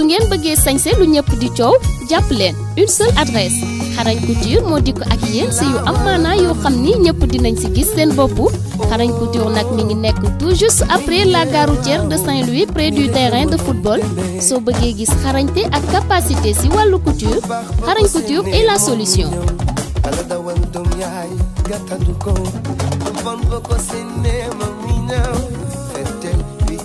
su ngeen bëggee sañse lu ñëpp di ciow jàpp leen une seule adresse xarañ couture moo dikk ak yéen si yu am maanaa yoo xam ni ñëpp dinañ si gis seen bopp xarañ couture nag mi ngi nekk tout juste après la gare routière de Saint-Louis près du terrain de football soo bëggee gis xarañte ak capacité si wàllu couture xarañ couture est la solution.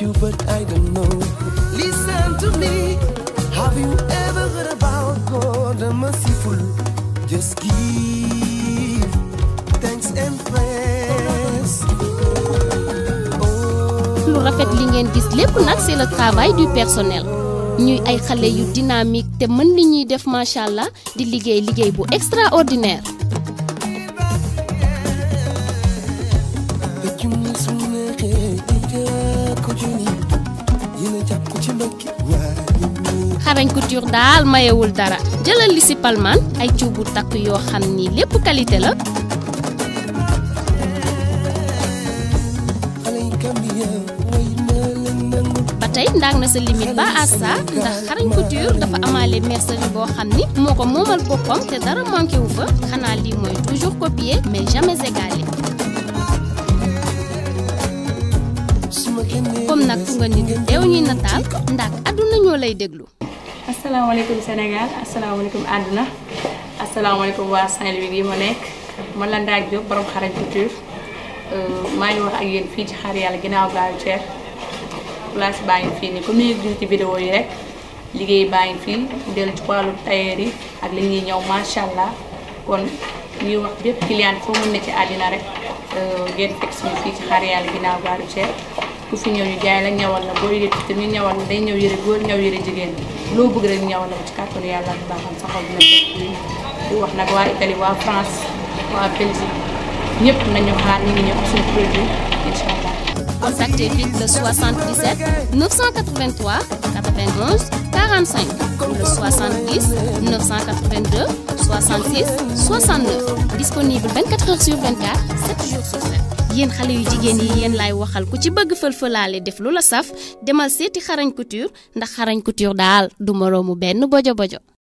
you, but I don't know. Listen to me. Have you ever heard about God the merciful? Just give thanks and praise. lu rafet li ngeen gis lépp nag c'est le travail du personnel ñuy ay xale yu dynamique te mën li ñuy def macha allah di liggéey liggéey bu extraordinaire. xarañ couture daal mayewul dara jëlal li ay cuubu yoo xam ni lépp qualité la. ba tey ndaag na sa limite ba àssa ndax xarañ couture dafa amaale mercerie boo xam ni moo ko moomal boppam te dara manqué wu fa xanaa lii mooy toujours copier mais jamais égalé. nag fu nga nit teew ñuy nataal ndax àdduna ñoo lay déglu asalaamaaleykum Sénégal asalaamaaleykum àdduna asalaamaaleykum waa Saint-Louis gi ma nekk man la Ndaa Diop borom xarañ couture euh, maa ngi wax ak yéen fii ci xar yàlla ginnaaw gaayu ceer place baa ngi fii nii comme ni ngeen ci vidéo yi rek liggéey baa ngi fii dellu ci wàllu tailleur yi ak li ñuy ñëw macha allah kon ñuy wax bépp client foo mën na ci àddina rek euh, ngeen fekk suñu fii ci xar yàlla ginnaaw ceer ku fi ñëw ñu jaay la ñawal na boo yëre tam ñu ñawal la day ñëw yëre goor ñaw yëre jigen lo bëgg rek ñawal na ci carton yalla ak baaxam sa xol ñu di wax nak wa Italie wa France wa Belgique ñëpp nañu xaar ñu ñëw produit inshallah Contactez vite le 77 983 91 45 le 70 982 66 69 disponible 24 heures sur 24 7 jours sur 7. yéen xale yu jigéen yi yéen laay waxal ku ci bëgg fël-fëlaale def lu la saf demal seeti xarañ couture ndax xarañ daal du moroomu benn bojo bojo